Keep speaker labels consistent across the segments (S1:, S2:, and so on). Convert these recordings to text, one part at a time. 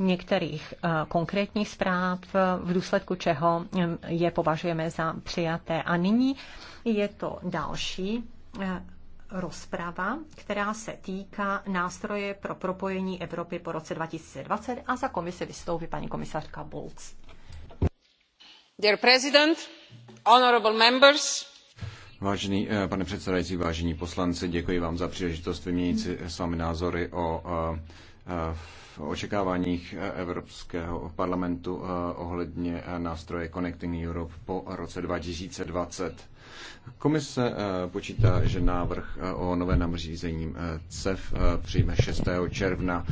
S1: některých eh, konkrétních zpráv, eh, v důsledku čeho eh, je považujeme za přijaté. A nyní je to další rozprava, která se týká nástroje pro propojení Evropy po roce 2020 a za komise vystoupí paní komisařka Bulc. Dear President,
S2: honorable members,
S3: Vážený pane předsedající, vážení poslanci, děkuji vám za příležitost vyměnit si s vámi názory o, o, o v očekáváních Evropského parlamentu eh, ohledně eh, nástroje Connecting Europe po roce 2020. Komise eh, počítá, že návrh o nové nařízení CEF přijme 6. června.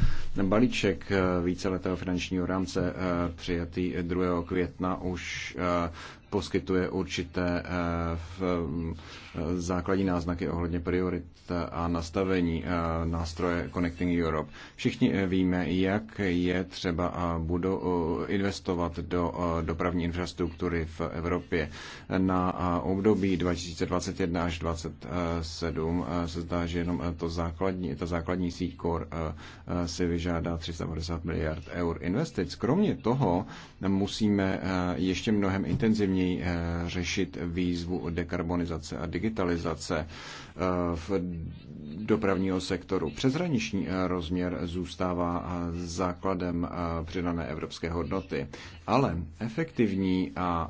S3: Balíček víceletého finančního rámce přijatý 2. května už poskytuje určité eh, eh, základní náznaky ohledně priorit a nastavení eh, nástroje Connecting Europe. Všichni víme, jak je třeba budou investovat do dopravní infrastruktury v Evropě. Na období 2021 až 2027 se zdá, že jenom to základní, ta základní síť Core si vyžádá 350 miliard eur investic. Kromě toho musíme ještě mnohem intenzivně efektivněji eh, řešit výzvu o dekarbonizace a digitalizace eh, v dopravního sektoru. Přezraniční eh, rozměr zůstává základem přidané evropské hodnoty, ale efektivní a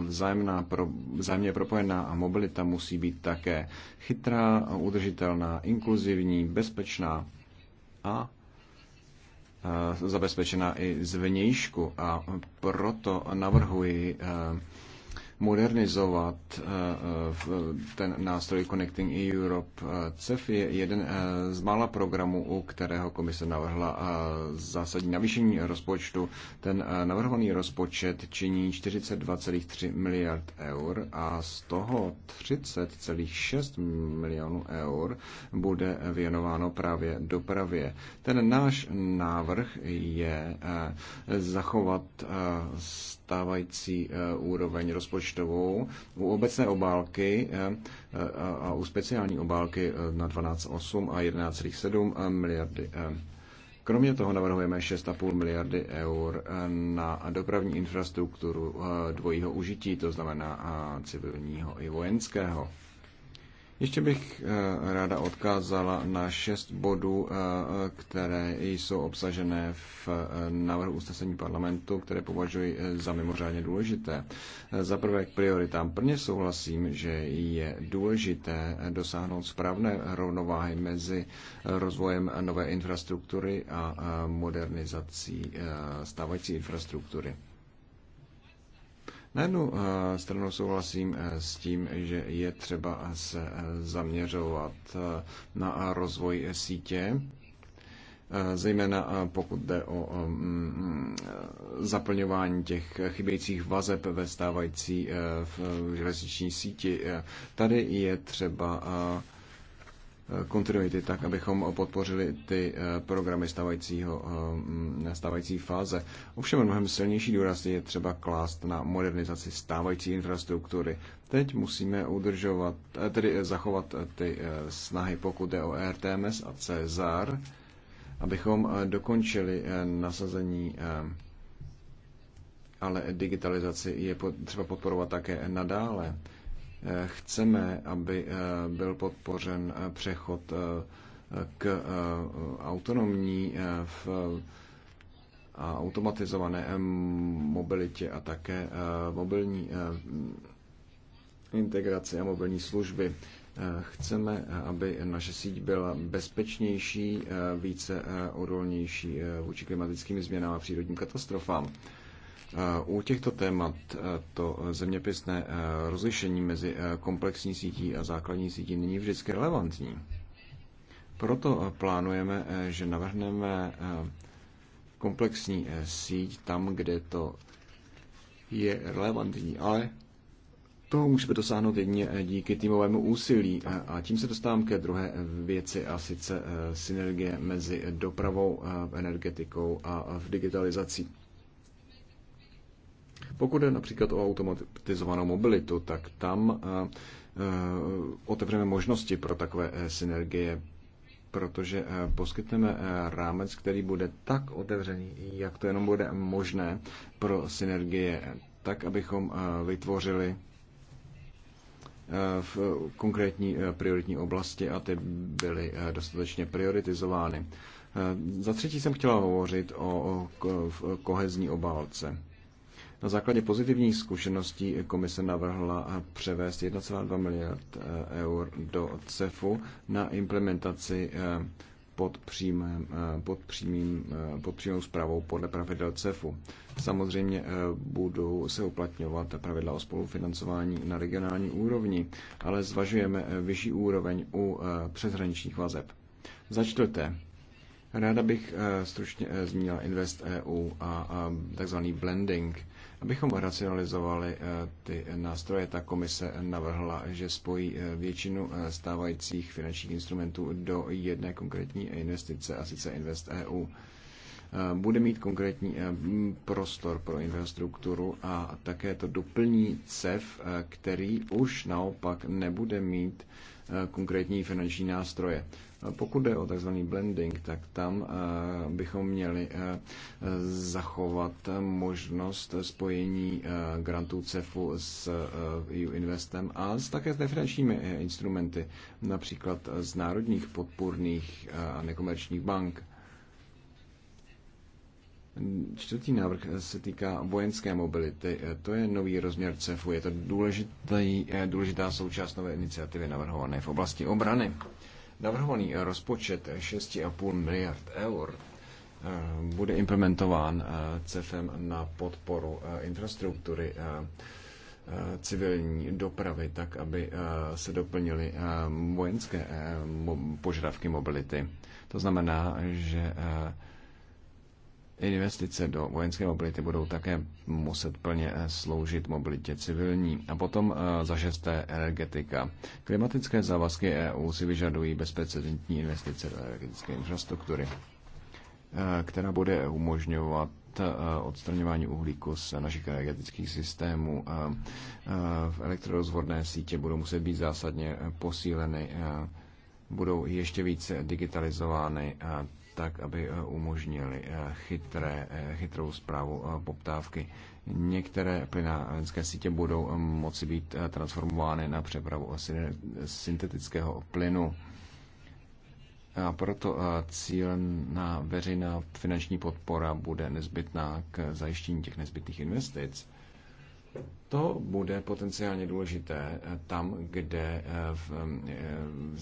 S3: vzájemná, vzájemně propojená mobilita musí být také chytrá, udržitelná, inkluzivní, bezpečná a zabezpečena i zvnějšku a proto navrhuji modernizovat eh, ten nástroj Connecting Europe. Eh, CEF je jeden eh, z mála programů, u kterého komise navrhla zásadní navýšení rozpočtu. Ten navrhovaný rozpočet činí 42,3 miliard eur a z toho 30,6 milionů eur bude věnováno právě dopravě. Ten náš návrh je zachovat stávající eh, úroveň rozpočtovou. U obecné obálky eh, eh, a u speciální obálky na 12,8 a 11,7 miliardy Kromě toho navrhujeme 6,5 miliardy eur na dopravní infrastrukturu dvojího užití, to znamená civilního i vojenského. Ještě bych eh, ráda odkázala na šest bodů, eh, které jsou obsažené v eh, návrhu usnesení parlamentu, které považuji za mimořádně důležité. Za prvé k prioritám. Prvně souhlasím, že je důležité dosáhnout správné rovnováhy mezi rozvojem nové infrastruktury a modernizací stávající infrastruktury. Na jednu eh, stranu souhlasím eh, s tím, že je třeba se eh, zaměřovat na rozvoj sítě, zejména pokud jde o zaplňování těch chybějících vazeb ve stávající železniční síti. Tady je třeba kontinuity tak, abychom podpořili ty eh, programy stávajícího, eh, stávající fáze. Ovšem mnohem silnější důraz je třeba klást na modernizaci stávající infrastruktury. Teď musíme udržovat, eh, tedy zachovat ty snahy, pokud je o RTMS a CZAR, abychom dokončili nasazení ale digitalizaci je třeba podporovat také nadále. Chceme, aby eh, byl podpořen eh, přechod eh, k autonomní v automatizované mobilitě a také mobilní integraci a mobilní služby. Chceme, aby naše síť byla bezpečnější, více odolnější vůči klimatickým změnám a přírodním katastrofám. Eh, u těchto témat eh, to zeměpisné eh, rozlišení mezi komplexní sítí a základní sítí není vždycky relevantní. Proto plánujeme, že navrhneme komplexní síť tam, kde to je relevantní, ale toho musíme dosáhnout jedině díky týmovému úsilí. A tím se dostávám ke druhé věci, a sice synergie mezi dopravou, energetikou a v digitalizací. Pokud je například o automatizovanou mobilitu, tak tam eh, eh, otevřeme možnosti pro takové eh, synergie, protože poskytneme rámec, který bude tak otevřený, jak to jenom bude možné pro synergie, tak abychom vytvořili v konkrétní prioritní oblasti a ty byly dostatečně prioritizovány. Za třetí jsem chtěla hovořit o kohezní obálce. Na základě pozitivních zkušeností komise navrhla převést 1,2 miliard eh, eur do CEFu na implementaci eh, pod, přímém, eh, pod, přímým, pod přímou zprávou podle pravidel CEFu. Samozřejmě budou se uplatňovat pravidla o spolufinancování na regionální úrovni, ale zvažujeme vyšší úroveň u přeshraničních vazeb. Za čtvrté, ráda bych stručně zmínila Invest EU a takzvaný blending. Abychom racionalizovali eh, ty nástroje, ta komise navrhla, že spojí eh, většinu eh, stávajících finančních instrumentů do jedné konkrétní investice, a sice Invest EU. Eh, bude mít konkrétní eh, prostor pro infrastrukturu a také to doplní CEF, eh, který už naopak nebude mít konkrétní finanční nástroje. Pokud jde o tzv. blending, tak tam bychom měli zachovat možnost spojení grantů CEFu s EU Investem a také s nefinančními instrumenty, například z národních podpůrných a nekomerčních bank. Čtvrtý návrh se týká vojenské mobility. E, to je nový rozměr CEFu. Je to důležitý, e, důležitá součást nové iniciativy navrhované v oblasti obrany. Navrhovaný rozpočet 6,5 miliard eur e, bude implementován CEFem na podporu infrastruktury civilní dopravy, tak aby se doplnily vojenské požadavky mobility. To znamená, že Investice do vojenské mobility budou také muset plně eh, sloužit mobilitě civilní. A potom eh, za šesté energetika. Klimatické závazky EU si vyžadují bezprecedentní investice do energetické infrastruktury, eh, která bude umožňovat odstraňování uhlíku z našich energetických systémů. V elektrorozvodné sítě budou muset být zásadně posíleny, budou ještě více digitalizovány tak, aby eh, umožnili eh, chytré, eh, chytrou zprávu poptávky. Některé plynárenské sítě budou moci být transformovány na přepravu syntetického plynu. A proto cíl na veřejná finanční podpora bude nezbytná k zajištění těch nezbytných investic. To bude potenciálně důležité tam, kde v, v,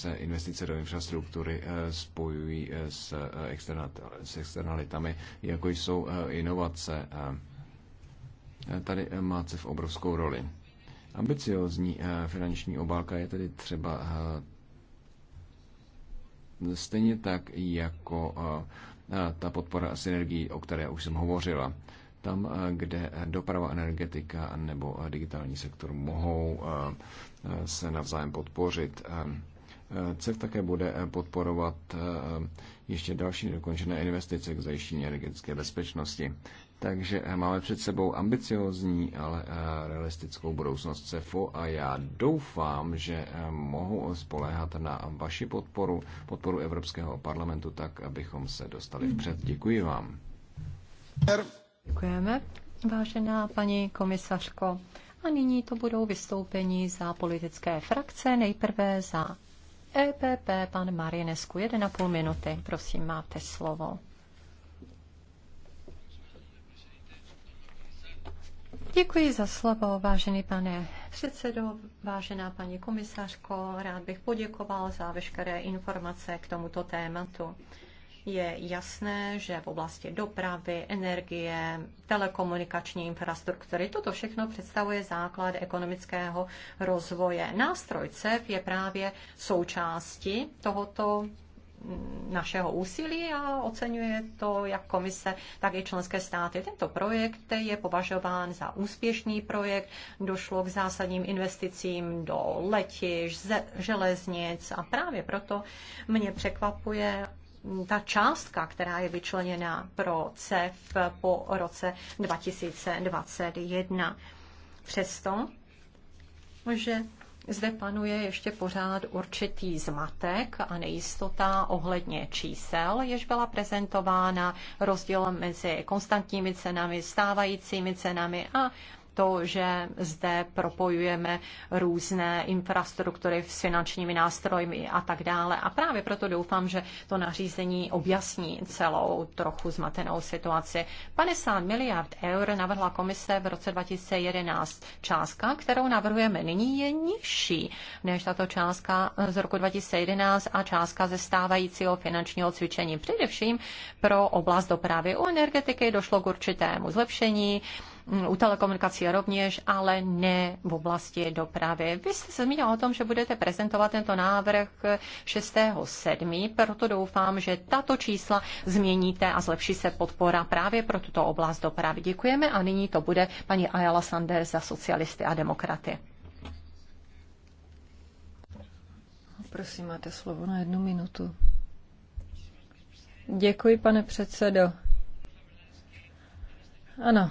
S3: se investice do infrastruktury eh, spojují eh, s, eh, s externalitami, jako jsou inovace. Tady má v obrovskou roli. Ambiciozní finanční obálka je tedy třeba stejně tak jako ta podpora synergií, o které už jsem hovořila. Tam, kde doprava, energetika nebo digitální sektor mohou se navzájem podpořit. CEF také bude eh, podporovat eh, ještě další dokončené investice k zajištění energetické bezpečnosti. Takže eh, máme před sebou ambiciozní, ale realistickou budoucnost CEFu a já doufám, že mohu spoléhat na vaši podporu, podporu Evropského parlamentu, tak abychom se dostali vpřed. Děkuji vám.
S1: Děkujeme, vážená paní komisařko. A nyní to budou vystoupení za politické frakce, nejprve za EPP, pan Marinesku, 1,5 minuty, prosím, máte slovo. Děkuji za slovo, vážený pane předsedo, vážená paní komisařko. Rád bych poděkoval za veškeré informace k tomuto tématu je jasné, že v oblasti dopravy, energie, telekomunikační infrastruktury, toto všechno představuje základ ekonomického rozvoje. Nástroj CEF je právě součástí tohoto mm, našeho úsilí a oceňuje to jak komise, tak i členské státy. Tento projekt je považován za úspěšný projekt. Došlo k zásadním investicím do letiš, železnic a právě proto mě překvapuje ta částka, která je vyčleněna pro CEF po roce 2021. Přesto, že zde panuje ještě pořád určitý zmatek a nejistota ohledně čísel, jež byla prezentována rozdíl mezi konstantními cenami, stávajícími cenami a to, že zde propojujeme různé infrastruktury s finančními nástroji a tak dále. A právě proto doufám, že to nařízení objasní celou trochu zmatenou situaci. 50 miliard eur navrhla komise v roce 2011. Částka, kterou navrhujeme nyní, je nižší než tato částka z roku 2011 a částka ze stávajícího finančního cvičení. Především pro oblast dopravy u energetiky došlo k určitému zlepšení Mm, u telekomunikací rovněž, ale ne v oblasti dopravy. Vy jste se zmínil o tom, že budete prezentovat tento návrh 6.7., proto doufám, že tato čísla změníte a zlepší se podpora právě pro tuto oblast dopravy. Děkujeme a nyní to bude paní Ayala Sanders za socialisty a demokraty.
S2: Prosím, máte slovo na jednu minutu. Děkuji, pane předsedo. Ano,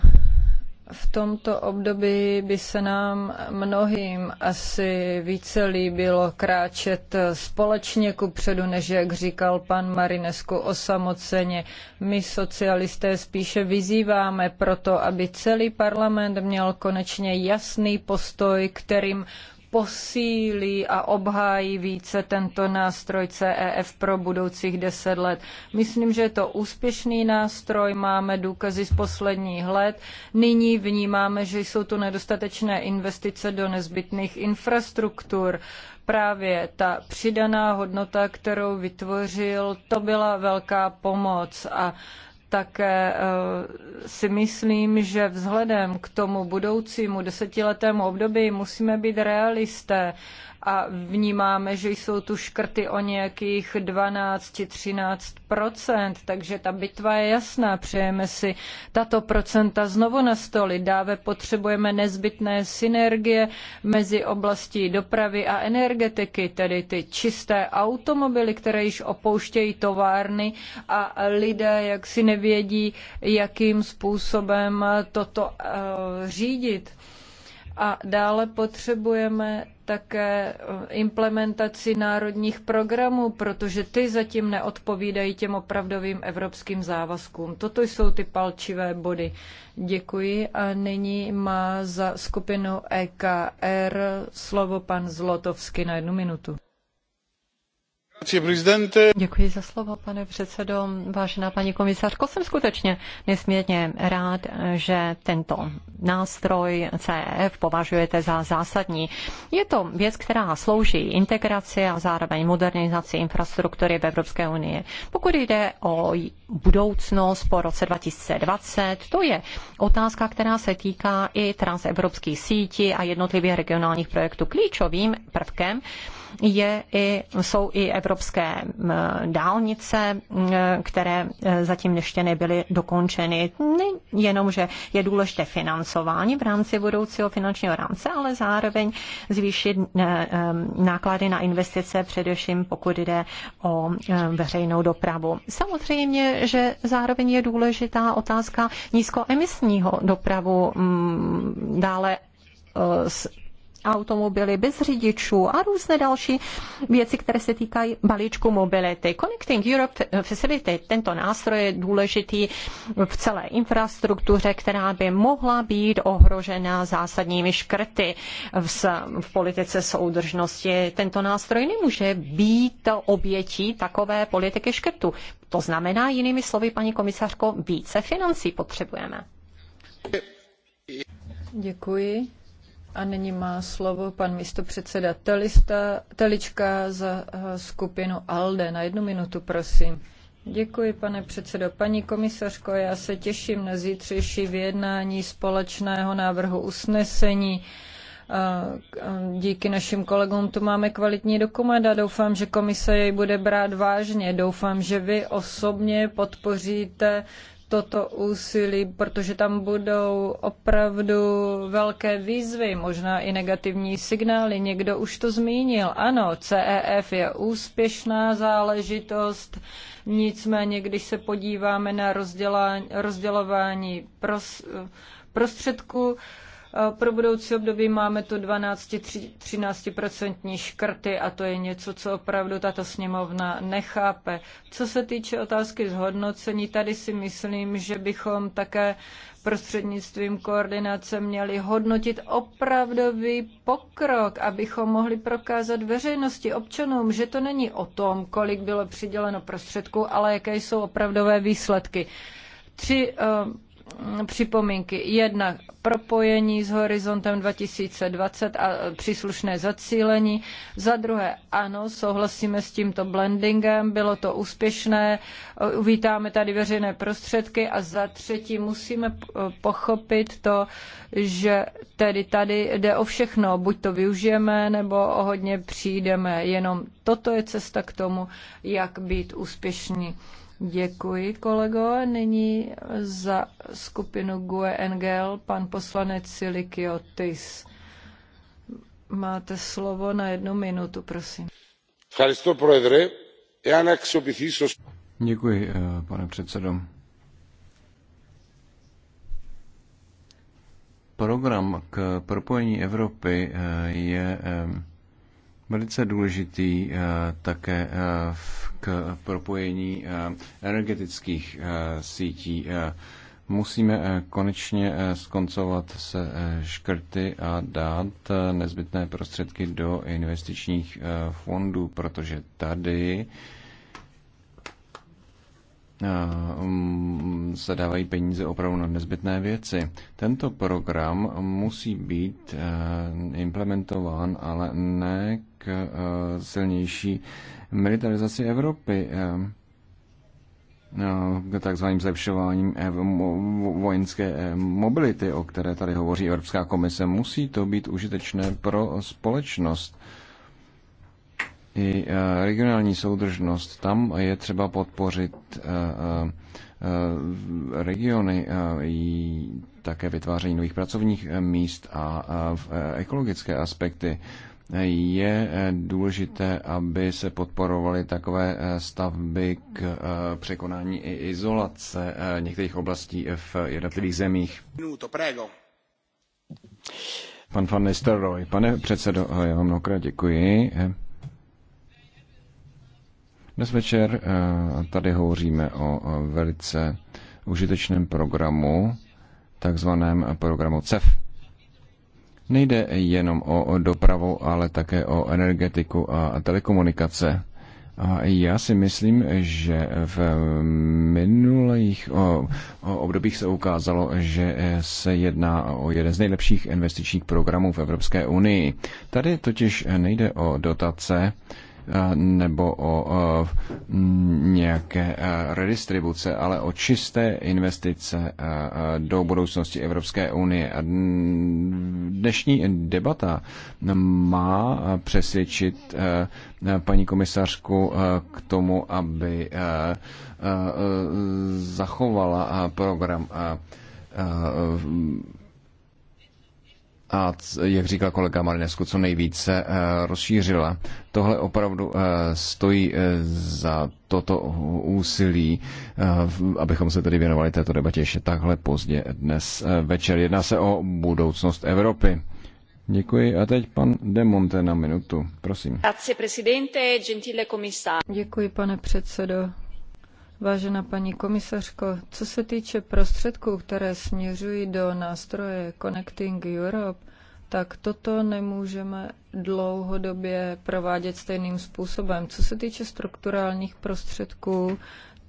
S2: v tomto období by se nám mnohým asi více líbilo kráčet společně kupředu, než jak říkal pan Marinesku osamoceně. My socialisté spíše vyzýváme proto, aby celý parlament měl konečně jasný postoj, kterým posílí a obhájí více tento nástroj CEF pro budoucích deset let. Myslím, že je to úspěšný nástroj, máme důkazy z posledních let. Nyní vnímáme, že jsou tu nedostatečné investice do nezbytných infrastruktur. Právě ta přidaná hodnota, kterou vytvořil, to byla velká pomoc a také eh, si myslím, že vzhledem k tomu budoucímu desetiletému období musíme být realisté a vnímáme, že jsou tu škrty o nějakých 12-13%, takže ta bitva je jasná. Přejeme si tato procenta znovu na stoli. Dáve potřebujeme nezbytné synergie mezi oblastí dopravy a energetiky, tedy ty čisté automobily, které již opouštějí továrny a lidé jak si nevědí, jakým způsobem toto uh, řídit. A dále potřebujeme také eh, implementaci národních programů, protože ty zatím neodpovídají těm opravdovým evropským závazkům. Toto jsou ty palčivé body. Děkuji a nyní má za skupinu EKR slovo pan Zlotovský na jednu minutu.
S1: Děkuji za slovo, pane předsedo. Vážená paní komisařko, jsem skutečně nesmírně rád, že tento nástroj CEF považujete za zásadní. Je to věc, která slouží integraci a zároveň modernizaci infrastruktury v Evropské unii. Pokud jde o budoucnost po roce 2020, to je otázka, která se týká i transevropských sítí a jednotlivých regionálních projektů. Klíčovým prvkem je i, jsou i evropské dálnice, které e, zatím ještě nebyly dokončeny. Jenom, že je důležité financování v rámci budoucího finančního rámce, ale zároveň zvýšit e, e, náklady na investice, především pokud jde o veřejnou dopravu. Samozřejmě, že zároveň je důležitá otázka nízkoemisního dopravu, dále automobily bez řidičů a různé další věci, které se týkají balíčku mobility. Connecting Europe Facility, tento nástroj je důležitý v celé infrastruktuře, která by mohla být ohrožena zásadními škrty v, v politice soudržnosti. Tento nástroj nemůže být obětí takové politiky škrtu. To znamená, jinými slovy, paní komisařko, více financí potřebujeme.
S2: Děkuji. A nyní má slovo pan místopředseda Telista, Telička za eh, skupinu ALDE. Na jednu minutu, prosím. Děkuji, pane předsedo. Paní komisařko, já se těším na zítřejší vyjednání společného návrhu usnesení. Díky našim kolegům tu máme kvalitní dokument a doufám, že komise jej bude brát vážně. Doufám, že vy osobně podpoříte toto úsilí, protože tam budou opravdu velké výzvy, možná i negativní signály. Někdo už to zmínil. Ano, CEF je úspěšná záležitost, nicméně, když se podíváme na rozdělování pros, prostředků, pro budoucí období máme tu 12-13% škrty a to je něco, co opravdu tato sněmovna nechápe. Co se týče otázky zhodnocení, tady si myslím, že bychom také prostřednictvím koordinace měli hodnotit opravdový pokrok, abychom mohli prokázat veřejnosti, občanům, že to není o tom, kolik bylo přiděleno prostředků, ale jaké jsou opravdové výsledky. Tři uh, připomínky. Jedna propojení s horizontem 2020 a příslušné zacílení. Za druhé, ano, souhlasíme s tímto blendingem, bylo to úspěšné, uvítáme tady veřejné prostředky a za třetí musíme pochopit to, že tedy tady jde o všechno, buď to využijeme, nebo o hodně přijdeme. Jenom toto je cesta k tomu, jak být úspěšní. Děkuji, kolego. Nyní za skupinu GUE NGL pan poslanec Silikiotis. Máte slovo na jednu minutu, prosím.
S3: Děkuji, eh, pane předsedo. Program k propojení Evropy eh, je eh, velice důležitý eh, také eh, k propojení eh, energetických sítí. Musíme konečně skoncovat se škrty a dát nezbytné prostředky do investičních fondů, protože tady mm, se dávají peníze opravdu na nezbytné věci. Tento program musí být implementován, ale ne k eh, silnější militarizaci Evropy eh, eh, k takzvaným zlepšováním vojenské mobility, o které tady hovoří Evropská komise. Musí to být užitečné pro společnost i regionální soudržnost. Tam je třeba podpořit regiony, také vytváření nových pracovních míst a ekologické aspekty je eh, důležité, aby se podporovaly takové eh, stavby k eh, překonání i izolace některých oblastí v jednotlivých zemích. Pan van Nistelrooy, pane předsedo, já vám mnohokrát děkuji. Dnes večer tady hovoříme o velice užitečném programu, takzvaném programu CEF Nejde jenom o dopravu, ale také o energetiku a telekomunikace. A já si myslím, že v minulých obdobích se ukázalo, že se jedná o jeden z nejlepších investičních programů v Evropské unii. Tady totiž nejde o dotace, nebo o nějaké e, redistribuce, ale o čisté investice e, e, do budoucnosti Evropské unie. A dnešní debata má přesvědčit paní komisařku k tomu, aby zachovala program a, jak říká kolega Marinesku, co nejvíce eh, rozšířila. Tohle opravdu eh, stojí eh, za toto úsilí, abychom se tedy věnovali této debatě ještě takhle pozdě dnes večer. Jedná se o budoucnost Evropy. Děkuji. A teď pan Demonte na minutu. Prosím.
S2: Děkuji, pane předsedo. Vážená paní komisařko, co se týče prostředků, které směřují do nástroje Connecting Europe, tak toto nemůžeme dlouhodobě provádět stejným způsobem. Co se týče strukturálních prostředků,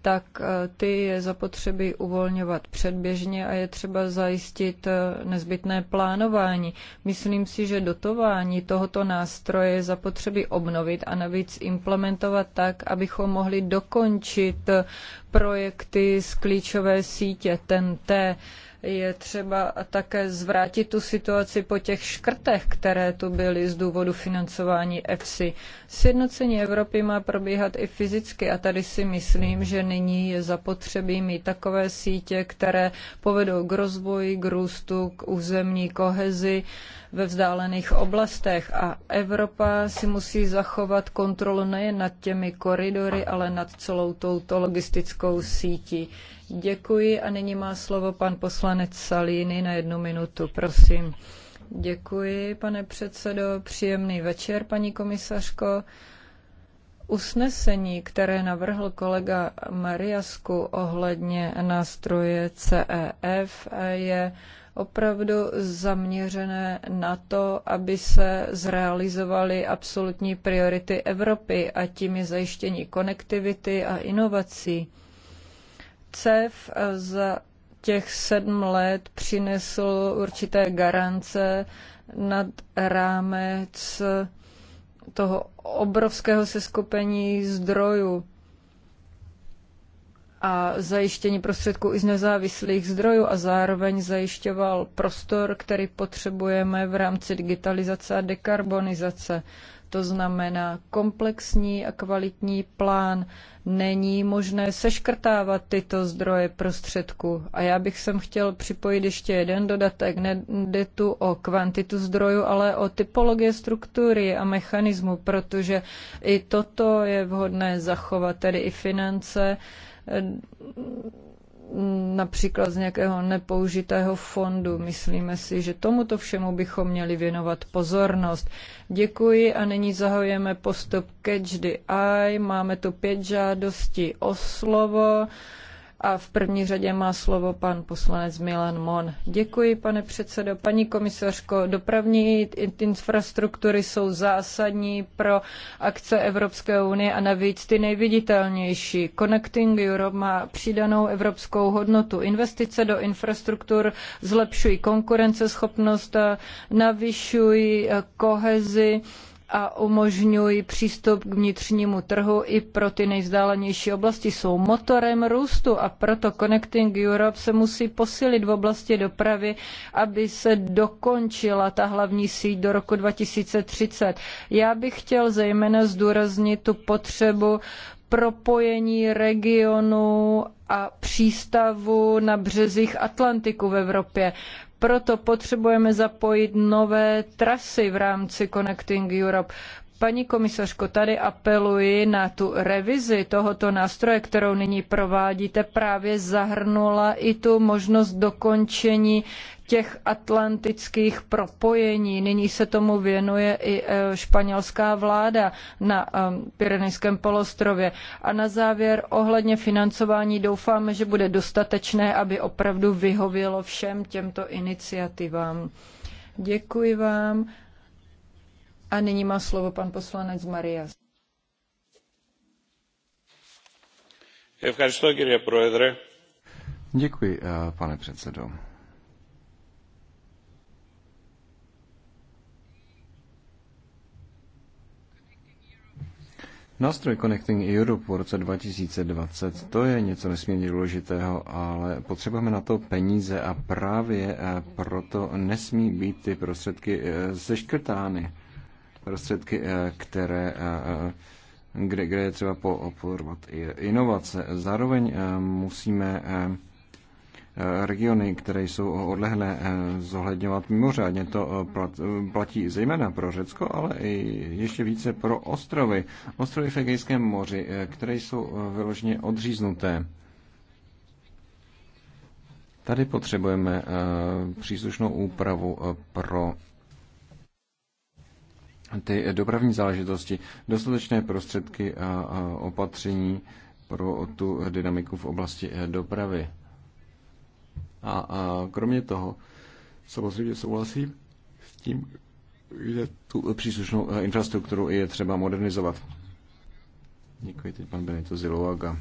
S2: tak eh, ty je zapotřebí uvolňovat předběžně a je třeba zajistit eh, nezbytné plánování. Myslím si, že dotování tohoto nástroje je zapotřebí obnovit a navíc implementovat tak, abychom mohli dokončit eh, projekty z klíčové sítě T. Je třeba také zvrátit tu situaci po těch škrtech, které tu byly z důvodu financování EFSI. Sjednocení Evropy má probíhat i fyzicky a tady si myslím, že nyní je zapotřebí mít takové sítě, které povedou k rozvoji, k růstu, k územní kohezi, ve vzdálených oblastech a Evropa si musí zachovat kontrolu nejen nad těmi koridory, ale nad celou touto logistickou sítí. Děkuji a nyní má slovo pan poslanec Salini na jednu minutu, prosím. Děkuji, pane předsedo. Příjemný večer, paní komisařko. Usnesení, které navrhl kolega Mariasku ohledně nástroje CEF, je opravdu zaměřené na to, aby se zrealizovaly absolutní priority Evropy a tím je zajištění konektivity a inovací. CEF za těch sedm let přinesl určité garance nad rámec toho obrovského seskupení zdrojů a zajištění prostředků i z nezávislých zdrojů a zároveň zajišťoval prostor, který potřebujeme v rámci digitalizace a dekarbonizace. To znamená komplexní a kvalitní plán. Není možné seškrtávat tyto zdroje prostředků. A já bych sem chtěl připojit ještě jeden dodatek. Nejde tu o kvantitu zdrojů, ale o typologie struktury a mechanismu, protože i toto je vhodné zachovat, tedy i finance, například z nějakého nepoužitého fondu. Myslíme si, že tomuto všemu bychom měli věnovat pozornost. Děkuji a nyní zahajujeme postup Catch the Eye. Máme tu pět žádostí o slovo. A v první řadě má slovo pan poslanec Milan Mon. Děkuji, pane předsedo. Paní komisařko, dopravní infrastruktury jsou zásadní pro akce Evropské unie a navíc ty nejviditelnější. Connecting Europe má přidanou evropskou hodnotu. Investice do infrastruktur zlepšují konkurenceschopnost, navyšují kohezi, a umožňují přístup k vnitřnímu trhu i pro ty nejvzdálenější oblasti. Jsou motorem růstu a proto Connecting Europe se musí posílit v oblasti dopravy, aby se dokončila ta hlavní síť do roku 2030. Já bych chtěl zejména zdůraznit tu potřebu propojení regionu a přístavu na březích Atlantiku v Evropě. Proto potřebujeme zapojit nové trasy v rámci Connecting Europe. Paní komisařko, tady apeluji na tu revizi tohoto nástroje, kterou nyní provádíte, právě zahrnula i tu možnost dokončení těch atlantických propojení. Nyní se tomu věnuje i e, španělská vláda na um, Pyrenejském polostrově. A na závěr ohledně financování doufáme, že bude dostatečné, aby opravdu vyhovělo všem těmto iniciativám. Děkuji vám. A nyní má slovo pan poslanec Marias.
S3: Děkuji, eh, pane předsedo. Nástroj Connecting Europe v roce 2020, to je něco nesmírně důležitého, ale potřebujeme na to peníze a právě eh, proto nesmí být ty prostředky zeškrtány. Eh, prostředky, eh, které, eh, eh, kde, kde je třeba podporovat inovace. Zároveň musíme regiony, které jsou odlehlé, zohledňovat mimořádně. To platí zejména pro Řecko, ale i ještě více pro ostrovy. Ostrovy v Egejském moři, které jsou vyloženě odříznuté. Tady potřebujeme příslušnou úpravu pro ty dopravní záležitosti, dostatečné prostředky a opatření pro tu dynamiku v oblasti eh, dopravy. A, kromě toho, samozřejmě souhlasím s tím, že tu příslušnou eh, infrastrukturu je třeba modernizovat. Děkuji teď pan Benito Ziloaga.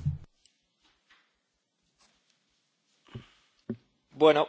S2: Bueno.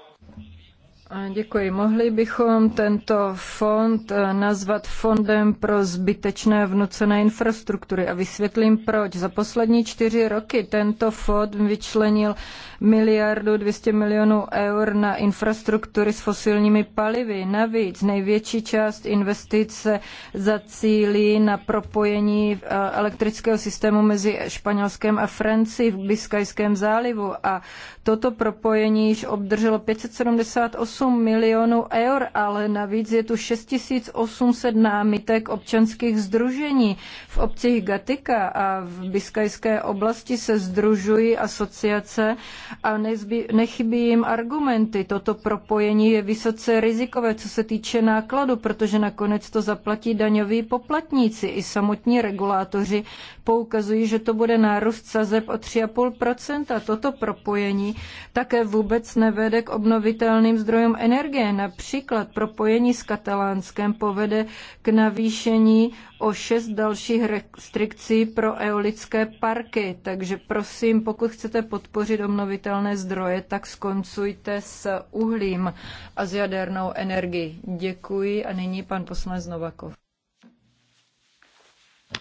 S2: Děkuji. Mohli bychom tento fond eh, nazvat Fondem pro zbytečné vnucené infrastruktury a vysvětlím proč. Za poslední čtyři roky tento fond vyčlenil miliardu 200 milionů eur na infrastruktury s fosilními palivy. Navíc největší část investic se zacílí na propojení eh, elektrického systému mezi Španělskem a Francií v Biskajském zálivu a toto propojení již obdrželo 578 8 milionů eur, ale navíc je tu 6800 námitek občanských združení. V obcích Gatika a v Biskajské oblasti se združují asociace a nezby, nechybí jim argumenty. Toto propojení je vysoce rizikové, co se týče nákladu, protože nakonec to zaplatí daňoví poplatníci. I samotní regulátoři poukazují, že to bude nárůst sazeb o 3,5%. Toto propojení také vůbec nevede k obnovitelným zdrojům jenom energie. Například propojení s Katalánskem povede k navýšení o šest dalších restrikcí pro eolické parky. Takže prosím, pokud chcete podpořit obnovitelné zdroje, tak skoncujte s uhlím a s jadernou energií. Děkuji a nyní pan
S1: poslanec Novakov.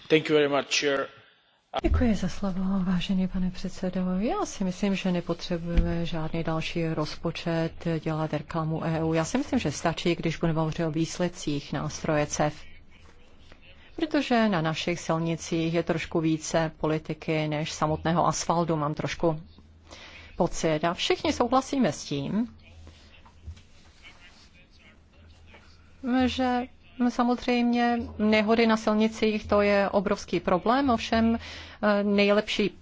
S2: Thank you very much,
S1: Děkuji za slovo, vážený pane předsedo. Já si myslím, že nepotřebujeme žádný další rozpočet dělat reklamu EU. Já si myslím, že stačí, když budeme hovořit o výsledcích nástroje CEF. Protože na našich silnicích je trošku více politiky než samotného asfaltu, mám trošku pocit. A všichni souhlasíme s tím, že samozřejmě nehody na silnicích, to je obrovský problém, ovšem eh, nejlepší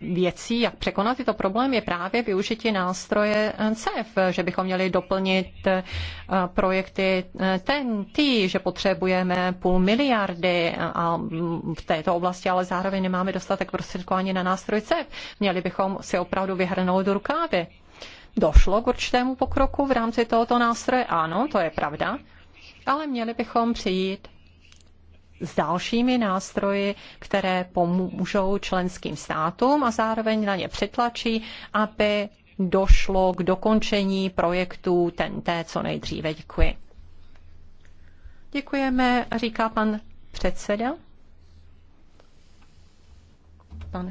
S1: věcí, jak překonat tyto problém, je právě využití nástroje CEF, že bychom měli doplnit eh, projekty TNT, eh, že potřebujeme půl miliardy a mm, v této oblasti, ale zároveň nemáme dostatek prostředků ani na nástroj CEF. Měli bychom si opravdu vyhrnout do rukávy. Došlo k určitému pokroku v rámci tohoto nástroje? Ano, to je pravda ale měli bychom přijít s dalšími nástroji, které pomůžou členským státům a zároveň na ně přitlačí, aby došlo k dokončení projektu TNT co nejdříve. Děkuji. Děkujeme, říká pan předseda. Pan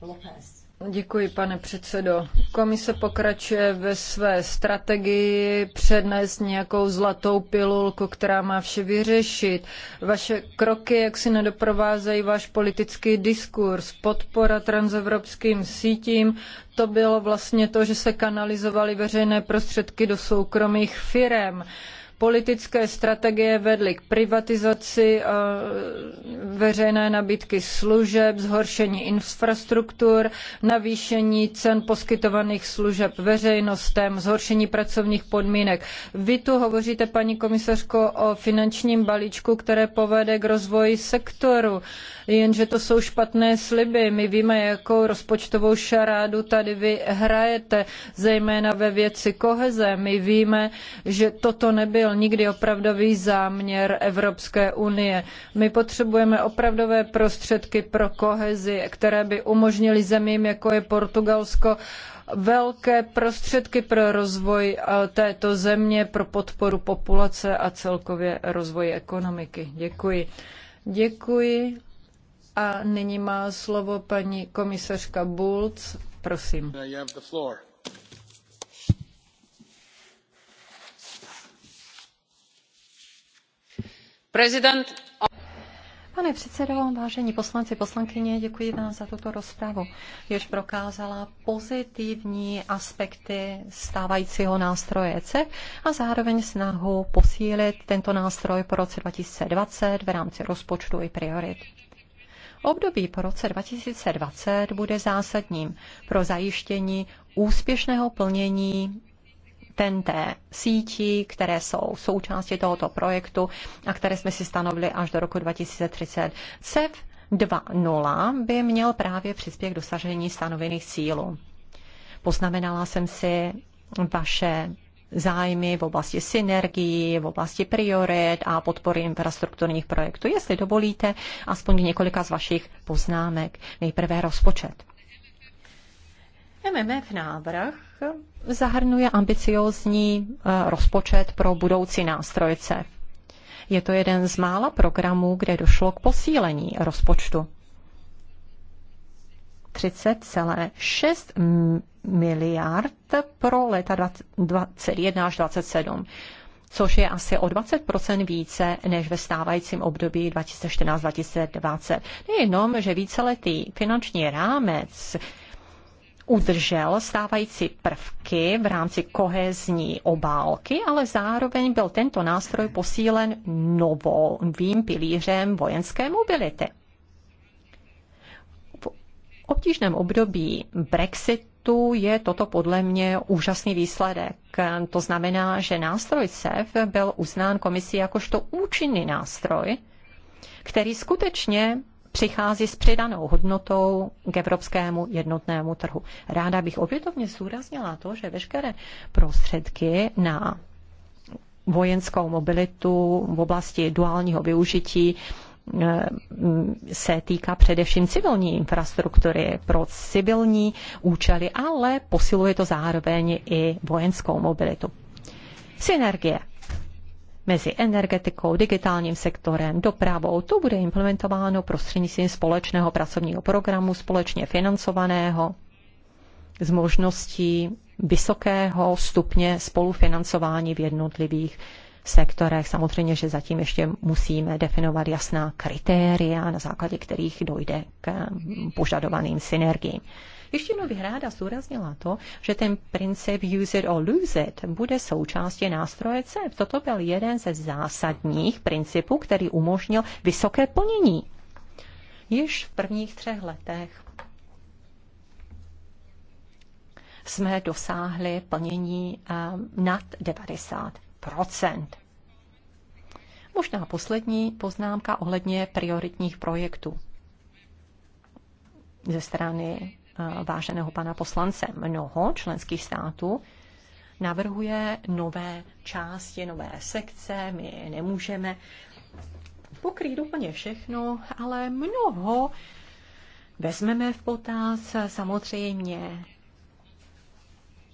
S1: Lopez.
S2: Děkuji, pane předsedo.
S1: Komise pokračuje
S2: ve své strategii přednést nějakou zlatou pilulku, která má vše vyřešit. Vaše kroky, jak si nedoprovázejí váš politický diskurs, podpora transevropským sítím, to bylo vlastně to, že se kanalizovaly veřejné prostředky do soukromých firem Politické strategie vedly k privatizaci eh, veřejné nabídky služeb, zhoršení infrastruktur, navýšení cen poskytovaných služeb veřejnostem, zhoršení pracovních podmínek. Vy tu hovoříte, paní komisařko, o finančním balíčku, které povede k rozvoji sektoru, jenže to jsou špatné sliby. My víme, jakou rozpočtovou šarádu tady vy hrajete, zejména ve věci koheze. My víme, že toto nebylo nebyl nikdy opravdový záměr Evropské unie. My potřebujeme opravdové prostředky pro kohezi, které by umožnily zemím, jako je Portugalsko, velké prostředky pro rozvoj eh, této země, pro podporu populace a celkově rozvoj ekonomiky. Děkuji. Děkuji. A nyní má slovo paní komisařka Bulc. Prosím.
S1: Pane předsedo, vážení poslanci, poslankyně, děkuji vám za tuto rozpravu, jež prokázala pozitivní aspekty stávajícího nástroje CEF a zároveň snahu posílit tento nástroj po roce 2020 v rámci rozpočtu i priorit. Období po roce 2020 bude zásadním pro zajištění úspěšného plnění TNT sítí, které jsou součástí tohoto projektu a které jsme si stanovili až do roku 2030. CEF 2.0 by měl právě přispět k dosažení stanovených cílů. Poznamenala jsem si vaše zájmy v oblasti synergií, v oblasti priorit a podpory infrastrukturních projektů. Jestli dovolíte, aspoň několika z vašich poznámek. Nejprve rozpočet. MMF návrh zahrnuje ambiciózní eh, rozpočet pro budoucí nástrojce. Je to jeden z mála programů, kde došlo k posílení rozpočtu. 30,6 miliard pro leta 2021 až 2027, což je asi o 20 více než ve stávajícím období 2014-2020. Nejenom, že víceletý finanční rámec udržel stávající prvky v rámci kohezní obálky, ale zároveň byl tento nástroj posílen novým pilířem vojenské mobility. V obtížném období Brexitu je toto podle mě úžasný výsledek. To znamená, že nástroj SEF byl uznán komisí jakožto účinný nástroj, který skutečně přichází s přidanou hodnotou k evropskému jednotnému trhu. Ráda bych opětovně zúraznila to, že veškeré prostředky na vojenskou mobilitu v oblasti duálního využití eh, se týká především civilní infrastruktury pro civilní účely, ale posiluje to zároveň i vojenskou mobilitu. Synergie mezi energetikou, digitálním sektorem, dopravou. To bude implementováno prostřednictvím společného pracovního programu, společně financovaného, s možností vysokého stupně spolufinancování v jednotlivých sektorech. Samozřejmě, že zatím ještě musíme definovat jasná kritéria, na základě kterých dojde k požadovaným synergiím. Ještě jednou bych ráda zdůraznila to, že ten princip use it or lose it bude součástí nástroje C. Toto byl jeden ze zásadních principů, který umožnil vysoké plnění. Již v prvních třech letech jsme dosáhli plnění eh, nad 90 Možná poslední poznámka ohledně prioritních projektů ze strany Eh, váženého pana poslance. Mnoho členských států navrhuje nové části, nové sekce, my nemůžeme pokrýt úplně všechno, ale mnoho vezmeme v potaz samozřejmě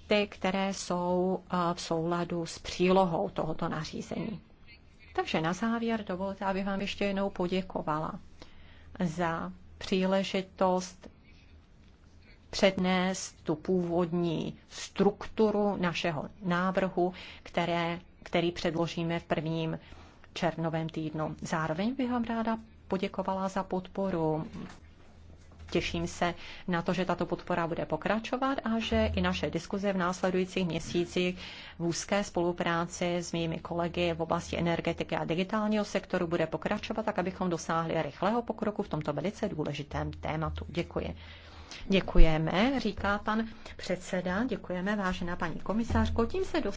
S1: ty, které jsou eh, v souladu s přílohou tohoto nařízení. Takže na závěr dovolte, abych vám ještě jednou poděkovala za příležitost přednést tu původní strukturu našeho návrhu, které, který předložíme v prvním červnovém týdnu. Zároveň bych vám ráda poděkovala za podporu. Těším se na to, že tato podpora bude pokračovat a že i naše diskuze v následujících měsících v úzké spolupráci s mými kolegy v oblasti energetiky a digitálního sektoru bude pokračovat, tak abychom dosáhli rychlého pokroku v tomto velice důležitém tématu. Děkuji. Děkujeme, říká pan předseda, děkujeme, vážená paní komisářko. Tím se do.